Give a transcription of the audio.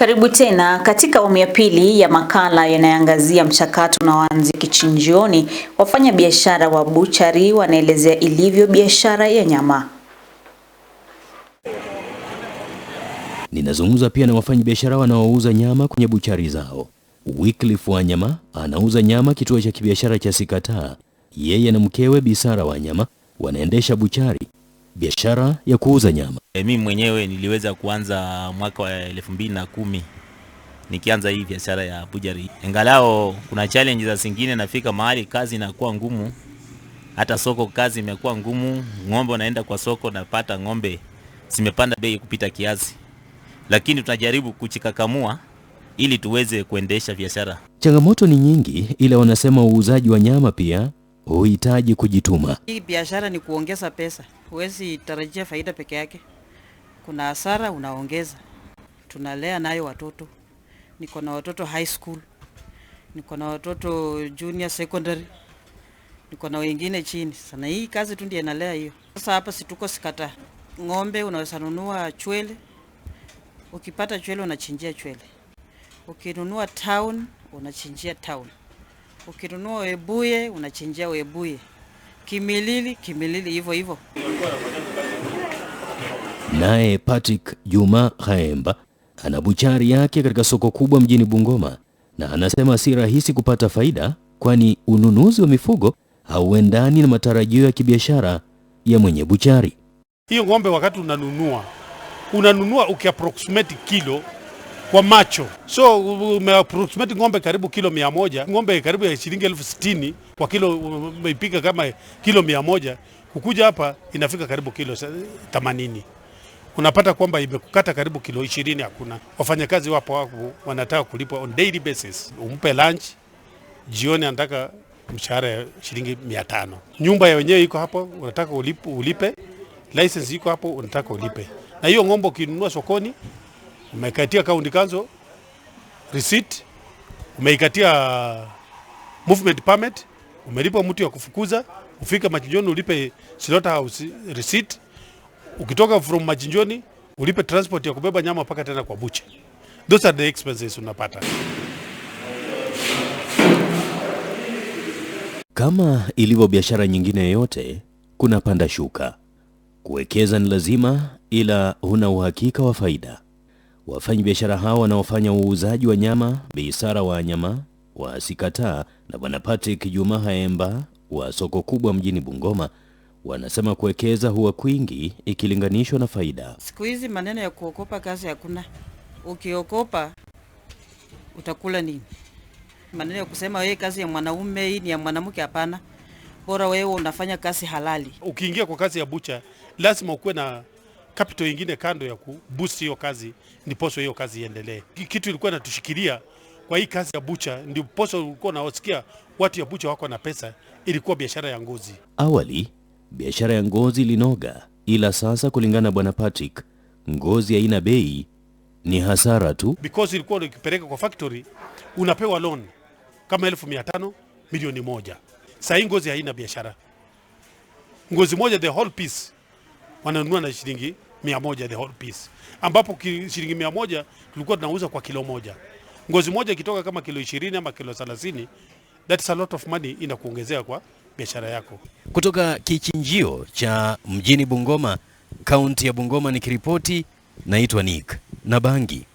Karibu tena katika awamu ya pili ya makala yanayoangazia mchakato na wanzi kichinjioni. Wafanya biashara wa buchari wanaelezea ilivyo biashara ya nyama. Ninazungumza pia na wafanyabiashara wanaouza nyama kwenye buchari zao. Wycliffe Wanyama anauza nyama kituo cha kibiashara cha Sikataa. Yeye na mkewe Bisara Wanyama wanaendesha buchari biashara ya kuuza nyama. E, mimi mwenyewe niliweza kuanza mwaka wa elfu mbili na kumi nikianza hii biashara ya bujari, Ingalao kuna challenge za zingine, nafika mahali kazi inakuwa ngumu, hata soko kazi imekuwa ngumu. Ng'ombe unaenda kwa soko, napata ng'ombe zimepanda bei kupita kiasi, lakini tunajaribu kuchikakamua ili tuweze kuendesha biashara. Changamoto ni nyingi, ila wanasema uuzaji wa nyama pia huhitaji kujituma. Hii biashara ni kuongeza pesa, huwezi tarajia faida peke yake, kuna hasara unaongeza. Tunalea nayo watoto, niko na watoto high school, niko na watoto junior secondary, niko na wengine chini sana. Hii kazi tu ndio inalea hiyo. Sasa hapa situko sikata ng'ombe, unaweza nunua chwele, ukipata chwele unachinjia chwele, ukinunua town unachinjia town. Ukinunua webuye unachinjia webuye, kimilili kimilili, hivyo hivyo. Naye Patrick Juma Khaemba ana buchari yake katika soko kubwa mjini Bungoma na anasema si rahisi kupata faida, kwani ununuzi wa mifugo hauendani na matarajio ya kibiashara ya mwenye buchari. Hiyo ng'ombe wakati unanunua unanunua ukiapproximate kilo kwa macho. So approximate ng'ombe karibu kilo mia moja, ng'ombe karibu ya shilingi elfu sitini kwa kilo, umeipika kama kilo mia moja, kukuja hapa inafika karibu kilo themanini unapata kwamba imekukata karibu kilo ishirini. Hakuna wafanyakazi wapo wako wanataka kulipwa on daily basis, umpe lunch jioni, anataka mshahara ya shilingi mia tano. Nyumba ya wenyewe iko hapo, unataka ulipe, license iko hapo, unataka ulipe. Na hiyo ng'ombe ukinunua sokoni umeikatia county council receipt, umeikatia movement permit, umelipa mtu ya kufukuza, ufike machinjoni ulipe house receipt, ukitoka from machinjoni ulipe transport ya kubeba nyama mpaka tena kwa buche. Those are the expenses unapata. Kama ilivyo biashara nyingine yoyote, kuna panda shuka. Kuwekeza ni lazima, ila huna uhakika wa faida. Wafanyabiashara hao wanaofanya uuzaji wa nyama, Bisara wa nyama wa Sikataa na Bwana Patrick Juma Haemba wa soko kubwa mjini Bungoma wanasema kuwekeza huwa kwingi ikilinganishwa na faida. Siku hizi maneno ya kuokopa kazi hakuna. Ukiokopa utakula nini? Maneno ya kusema wewe kazi ya mwanaume hii ni ya mwanamke, hapana. Bora wewe unafanya kazi halali. Ukiingia kwa kazi ya bucha lazima ukuwe na capital ingine kando ya kubusi hiyo kazi, ndiposo hiyo kazi iendelee. Kitu ilikuwa inatushikilia kwa hii kazi ya bucha, ndiposo ulikuwa unaosikia watu ya bucha wako na pesa, ilikuwa biashara ya ngozi. Awali biashara ya ngozi linoga, ila sasa kulingana na Bwana Patrick, ngozi haina bei, ni hasara tu, because ilikuwa ukipeleka kwa factory unapewa loan kama elfu mia tano milioni moja. Sasa hii ngozi haina biashara, ngozi moja the whole piece wananunua na shilingi mia moja the whole piece, ambapo shilingi mia moja tulikuwa tunauza kwa kilo moja. Ngozi moja ikitoka kama kilo ishirini ama kilo 30 that's a lot of money, inakuongezea kwa biashara yako. Kutoka kichinjio cha mjini Bungoma, kaunti ya Bungoma, nikiripoti naitwa Nick na Bangi.